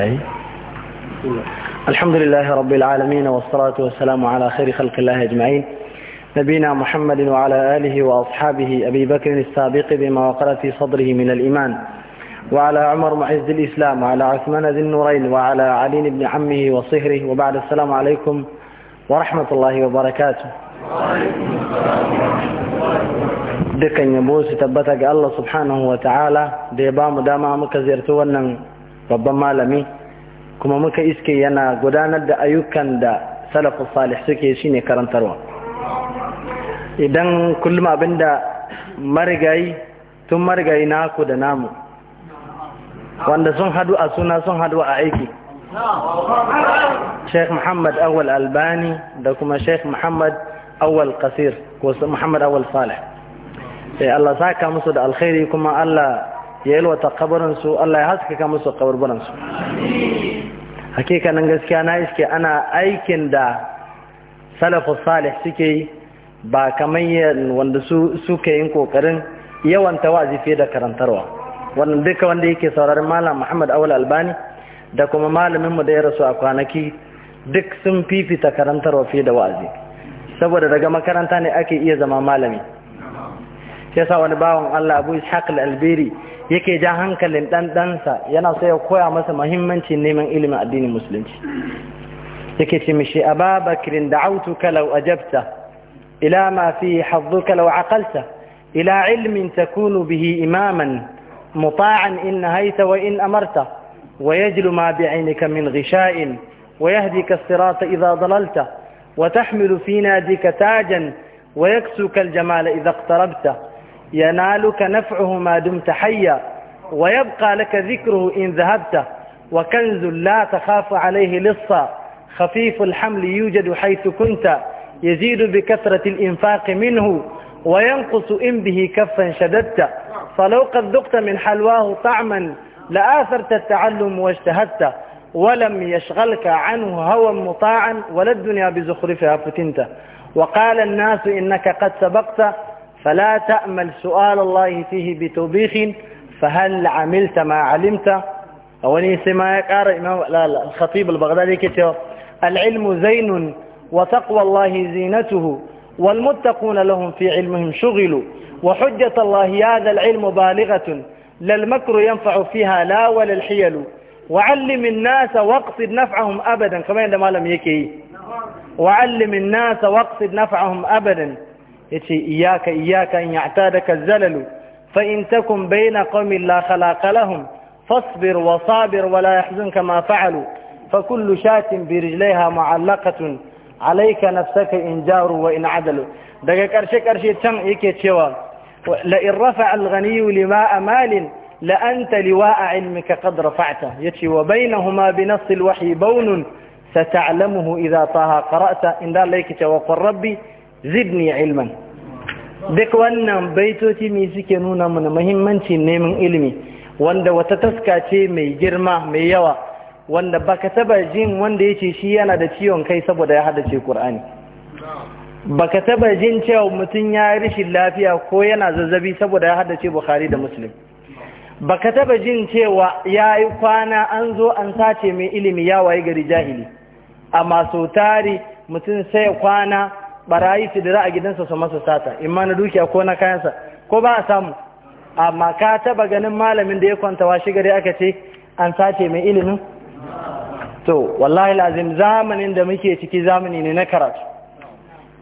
أي الحمد لله رب العالمين والصلاة والسلام على خير خلق الله أجمعين نبينا محمد وعلى آله وأصحابه أبي بكر السابق بما وقر في صدره من الإيمان وعلى عمر معز الإسلام وعلى عثمان ذي النورين وعلى علي بن عمه وصهره وبعد السلام عليكم ورحمة الله وبركاته dukkan يبوس تبتك الله سبحانه وتعالى ديبام داما ta'ala da babban malami kuma muka iske yana gudanar da ayyukan da salafu salih suke ne karantarwa idan kullum abinda marigayi tun marigayi naku da namu wanda sun hadu a suna sun hadu a aiki Sheikh Muhammad Awal Albani da kuma Sheikh Muhammad Awal Qasir ko Muhammad Awal Salih sai Allah saka musu da alkhairi kuma Allah ya yalwata kabarinsu Allah ya haskaka musu kabarbaransu hakikanin gaskiya na iske ana aikin da salafu salih suke yi ba kamar wanda su suke yin kokarin yawan tawazi fiye da karantarwa wannan duka wanda yake sauraron malam Muhammad awul Albani da kuma malamin mu da ya rasu a kwanaki duk sun fifita karantarwa fiye da wa'azi saboda daga makaranta ne ake iya zama malami yasa wani bawan Allah Abu Ishaq Al-Albiri yake ja hankalin ɗan ɗansa yana sai ya koya masa mahimmancin neman ilimin addinin musulunci yake ce mishi ababakirin da'autuka law ajabta ila ma fi hadduka law aqalta ila ilmin takunu bihi imaman mutaan in in wa wa amarta مطاعا إن نهيت وإن أمرت ويجل ما بعينك من غشاء ويهديك wa tahmilu ضللت وتحمل tajan wa تاجا ويكسوك jamala إذا اقتربت ينالك نفعه ما دمت حيا ويبقى لك ذكره إن ذهبت وكنز لا تخاف عليه لصا خفيف الحمل يوجد حيث كنت يزيد بكثرة الإنفاق منه وينقص إن به كفا شددت فلو قد ذقت من حلواه طعما لآثرت التعلم واجتهدت ولم يشغلك عنه هوى مطاعا ولا الدنيا بزخرفها فتنت وقال الناس إنك قد سبقت فلا تأمل سؤال الله فيه بتوبيخ فهل عملت ما علمت ما لا لا الخطيب البغدادي كتير العلم زين وتقوى الله زينته والمتقون لهم في علمهم شغل وحجة الله هذا العلم بالغة لا المكر ينفع فيها لا ولا الحيل وعلم الناس واقصد نفعهم أبدا كما عندما لم يكي وعلم الناس واقصد نفعهم أبدا yace iyaka iyaka in ya'tadaka zalalu fa in takum baina qaumin la khalaqa fasbir wa sabir wa la ma fa'alu fa kullu shatin bi rijlaiha alaika alayka nafsaka in jaru wa in adalu daga karshe karshe can yake cewa la rafa rafa'a al-ghani lima'a malin la anta a ilmika qad rafa'ta yace wa bainahuma bi nass wahi baunun bawnun ستعلمه idan طه karata. inda ذا ta وقل rabbi zibni ilman duk wannan baitoci mai suke nuna mana muhimmanci neman ilimi wanda wata taska ce mai girma mai yawa wanda baka taba jin wanda yace shi yana da ciwon kai saboda ya haddace Qur'ani baka taba jin cewa mutum ya rishin lafiya ko yana zazzabi saboda ya haddace Bukhari da Muslim baka taba jin cewa yayi kwana an zo an sace mai ilimi ya waye gari jahili amma so tari mutum sai kwana barayi su dira a gidansa su masa sata in ma na dukiya ko na kayansa ko ba a samu amma ka taba ganin malamin da ya kwanta wa shi gari aka ce an sace mai ilimin to wallahi lazim zamanin da muke ciki zamani ne na karatu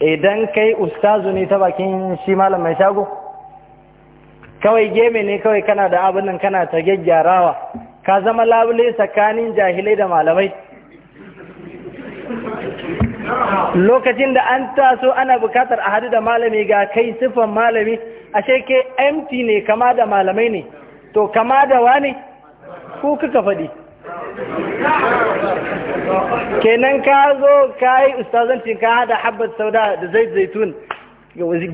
idan kai ustazu ne ta bakin shi malam mai shago kawai geme ne kawai kana da abin nan kana ta gyaggyarawa ka zama labule tsakanin jahilai da malamai lokacin da an taso ana bukatar a hadu da malami ga kai siffan malami ashe ke empty ne kama da malamai ne to kama da wani ku kuka faɗi kenan ka zo ka yi ustazancin ka hada habbat sauda da zai zaitun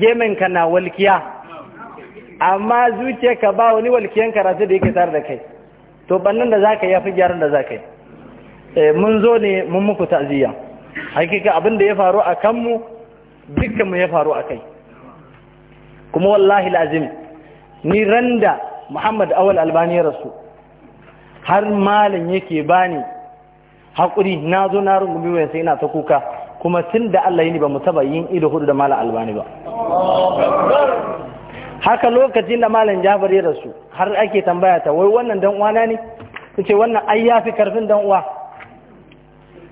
gemenka na walkiya amma ka ba wani walkiyan karatu da yake tare da kai to bannan da za ka yafi gyaran da za ka yi eh, mun zo ne mun muku ta'aziyya hakika abin da ya faru a kanmu dukkanmu ya faru a kai kuma wallahi lazim ni randa muhammad awal albani ya rasu har malam yake bani haƙuri na zo na rungumi wayan sai ina ta kuka kuma tun da Allah yi ni ba mu taba yin ido hudu da malam albani ba haka lokacin da malam jafar ya rasu har ake tambaya ta wai wannan dan uwana ne ce wannan ai ya fi karfin dan uwa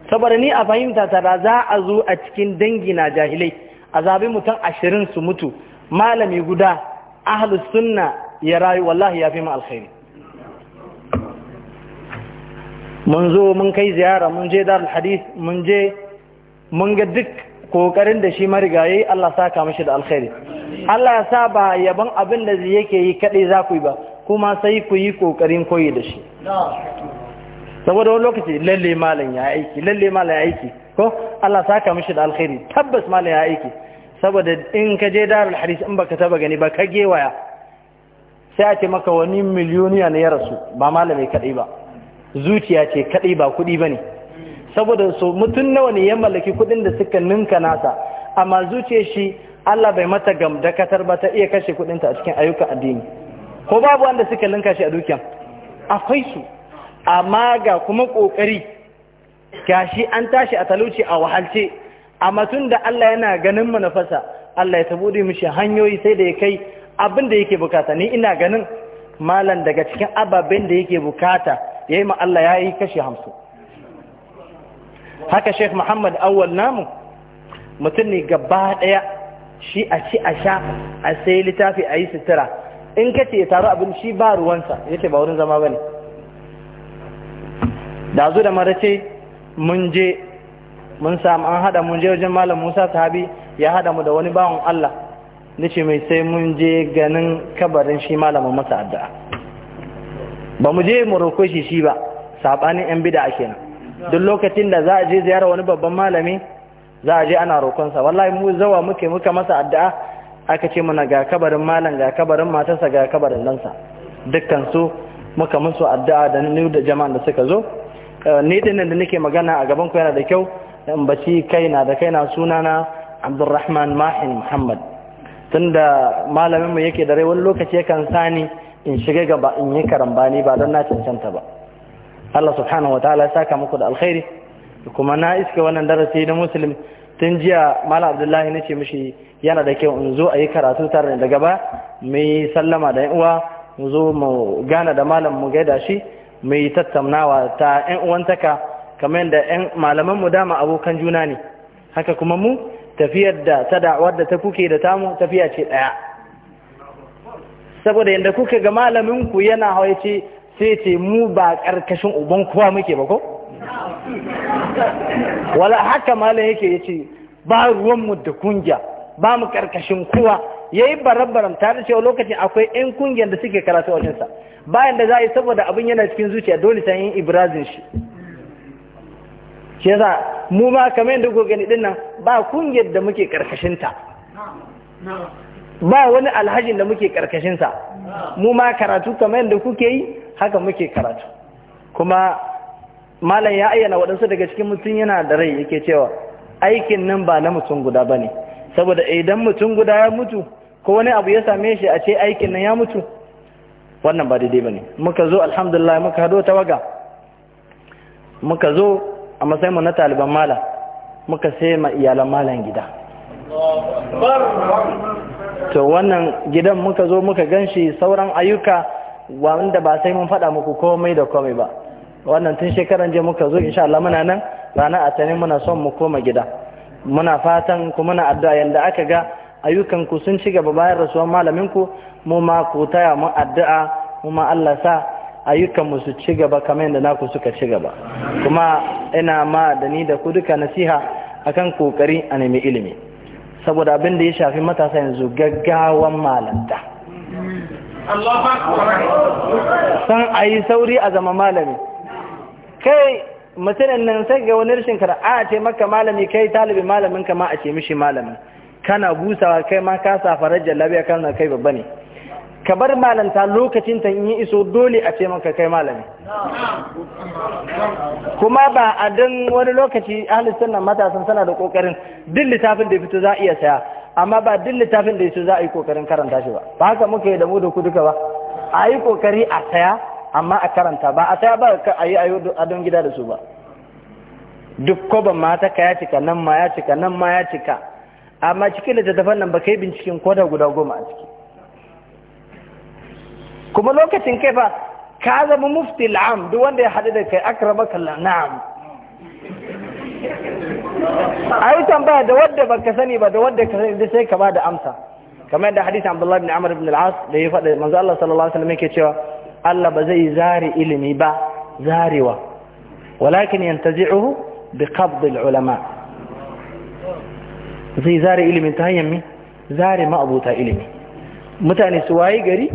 saboda ni a fahimta tara za a zo a cikin dangi na jahilai a zabi mutum ashirin su mutu malami guda ahal sunna ya rayu wallahi ya fi mu mun zo mun kai ziyara mun je dar hadith mun je mun ga duk kokarin da shi marigayi Allah sa ka mashi da alkhairi Allah ya sa ba yaban abin da yake yi kadai za ku yi ba kuma sai ku yi kokarin koyi da shi saboda wani lokaci lalle malam ya aiki lalle malam ya aiki ko Allah saka mishi da alkhairi tabbas malam ya aiki saboda in ka je darul hadis in baka taba gani ba ka gewaya sai a ce maka wani miliyoniya ne ya rasu ba malamai kadai ba zuciya ce kadai ba kudi bane saboda so mutun nawa ne ya mallaki kudin da suka ninka nasa amma zuciyar shi Allah bai mata katar ba ta iya kashe ta a cikin ayyukan addini ko babu wanda suka linka shi a dukiyan akwai su amma ga kuma ƙoƙari gashi an tashi a talauci a wahalce amma tun da Allah yana ganin manufasa Allah ya da mishi hanyoyi sai da ya kai abin da yake bukata ni ina ganin malam daga cikin ababen da yake bukata ya yi Allah ya yi kashi hamsin haka sheikh muhammad awal namu mutum ne gaba ɗaya shi a ci a sha a sai littafi a yi sutura in kace ya taru abin shi ba ruwansa ya ce ba wurin zama ba ne da zu da marace mun je mun samu an hada mun je wajen malam Musa sahabi ya hada mu da wani bawan Allah nace mai sai mun je ganin kabarin shi malamin masa addu'a ba mu je mu roko shi shi ba sabanin yan bid'a kenan duk lokacin da za a je ziyara wani babban malami za a je ana roƙonsa wallahi mu zawa muke muka masa addu'a aka ce mana ga kabarin malam ga kabarin matarsa ga kabarin dansa dukkan su muka musu addu'a da ni da jama'an da suka zo Eh, ni dinnan da nake magana a gaban ku yana da kyau in baci kaina da kaina sunana Abdulrahman Mahin Muhammad tunda malamin mu yake da rai wani lokaci yakan sani in shiga gaba in yi karambani ba don na cancanta ba Allah subhanahu wataala ya saka muku da alkhairi kuma na iska wannan darasi na muslim tun jiya malam abdullahi nace mishi yana da kyau in zo a yi karatu tare da gaba mai sallama da yan uwa mu zo mu gana da malam mu gaida shi mai tattaunawa ta ƴan uwantaka kamar da 'yan malaman mu dama abokan juna ne haka kuma mu tafiyar da ta da'awar da ta kuke da tamu tafiya ce ɗaya saboda yadda kuke ga malamin ku yana hawaye ce sai ce mu ba ƙarƙashin uban kowa muke ba ko wala haka malam yake yace ba ruwan mu da kungiya ba mu ƙarƙashin kowa yayi barabbaram ta da cewa lokacin akwai yan kungiyar da suke karatu a wajensa bayan da za a yi saboda abin yana cikin zuciya dole ta yi ibrazin shi Ke za mu ma kamar yadda kuka gani dinnan ba kungiyar da muke karkashinta ba wani alhajin da muke karkashin mu ma karatu kamar yadda kuke yi haka muke karatu kuma malam ya ayyana waɗansu daga cikin mutum yana da rai yake cewa aikin nan ba na mutum guda ba ne saboda idan mutum guda ya mutu ko wani abu ya same shi a ce aikin nan ya mutu wannan ba daidai ba ne muka zo alhamdulillah muka hado tawaga muka zo a mu na taliban mala muka sai ma iyalan malan gida to wannan gidan muka zo muka ganshi sauran ayyuka wanda ba sai mun faɗa muku komai da komai ba wannan tun shekaran je muka zo insha Allah muna nan rana a tani muna son mu koma gida muna fatan kuma muna addu'a yanda aka ga ayyukanku sun ci gaba bayan rasuwar malaminku mu ma ku taya mu addu'a mu ma Allah sa ayyukanmu su ci gaba kamar yadda naku suka ci gaba kuma ina ma da ni da ku duka nasiha akan kokari a nemi ilimi saboda abin da ya shafi matasa yanzu gaggawan malanta san a yi sauri a zama malami kai mutumin nan sai ga wani rashin a ce maka malami kai talibin malamin kama a ce mishi malamin kana busawa kai ma ka safarar jallabiya kana kai babba ne ka bar malanta lokacin ta yi iso dole a ce maka kai malami kuma ba a dan wani lokaci ahli nan matasan sana da kokarin din littafin da fito za a iya saya amma ba din littafin da yaso za a yi kokarin karanta shi ba ba haka muka yi da mu da ku duka ba a yi kokari a saya amma a karanta ba a saya ba a yi a don gida da su ba duk koban ma ta ka ya cika nan ma ya cika nan ma ya cika amma cikin littattafan nan ba kai binciken koda guda goma a ciki kuma lokacin kai fa ka zama mufti la'am duk wanda ya haɗu da kai akramaka na'am yi tambaya da wadda ka sani ba da wadda ka sani da sai ka ba da amsa kamar yadda hadisi Abdullahi bin amur bin al'as da ya faɗa manzo Allah sallallahu alaihi wasallam yake cewa Allah ba zai zari ilimi ba zariwa walakin yantazi'uhu bi qabd al-ulama zai zare ilimin ta hanyar mi zare ma'abuta ilimi mutane su waye gari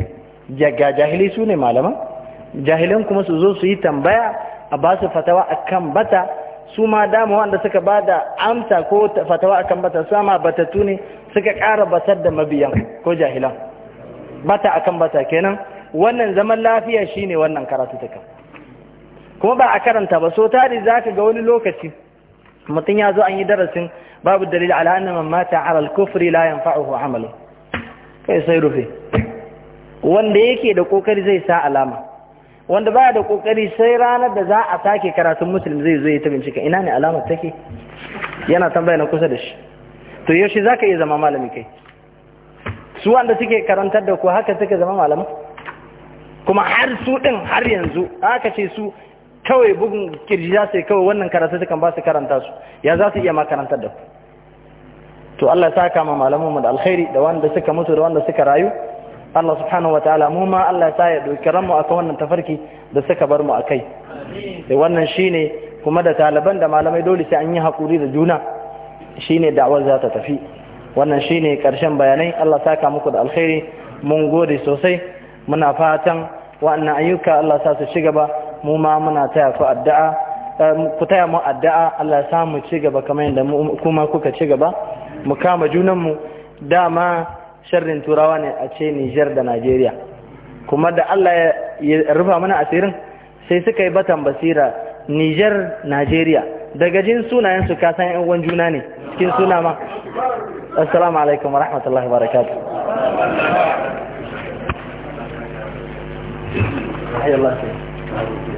ga jahilai su ne malaman jahilan kuma su zo su yi tambaya a ba su fatawa akan bata su ma dama wanda suka ba da amsa ko fatawa akan bata ma batatu ne suka kara basar da mabiyan ko jahilan bata akan bata kenan wannan zaman lafiya shine wannan karatu ta kuma ba a karanta ba so tari zaka ga wani lokaci mutum ya zo an yi darasin باب الدليل على أن من مات على الكفر لا ينفعه عمله kai sai rufe wanda yake da kokari zai sa alama wanda baya da kokari sai ranar da za a sake karatun musulmi zai zo ya ta bincika ina ne alamar take yana tambaya na kusa da shi to yaushe zaka iya zama malami kai su wanda suke karantar da ku haka suka zama malama kuma har su din har yanzu haka ce su kawai bugun kirji za su yi kawai wannan karatu sukan ba su karanta su ya za su iya ma karantar da ku to Allah ya saka ma malamanmu da alkhairi da wanda suka mutu da wanda suka rayu Allah subhanahu ta'ala mu ma Allah ya sa ya doki ranmu akan wannan tafarki da suka bar mu akai da eh, wannan shine kuma da taliban da malamai dole sai an yi hakuri da juna shine da'awar za ta tafi wannan shine karshen bayanai Allah saka muku da alkhairi mun gode sosai muna fatan wa'annan ayyuka Allah sa su shiga gaba mu ma muna taya su addu'a ku taya mu addu'a Allah ya samu ci gaba kamar yadda kuma kuka ci gaba mu kama junanmu dama sharrin turawa ne a ce Nijar da Najeriya kuma da Allah ya rufa mana asirin sai suka yi batan basira Nijar Najeriya daga jin sunayen su ka san ƴan uwan juna ne cikin suna ma assalamu alaikum wa rahmatullahi wa barakatuh Allah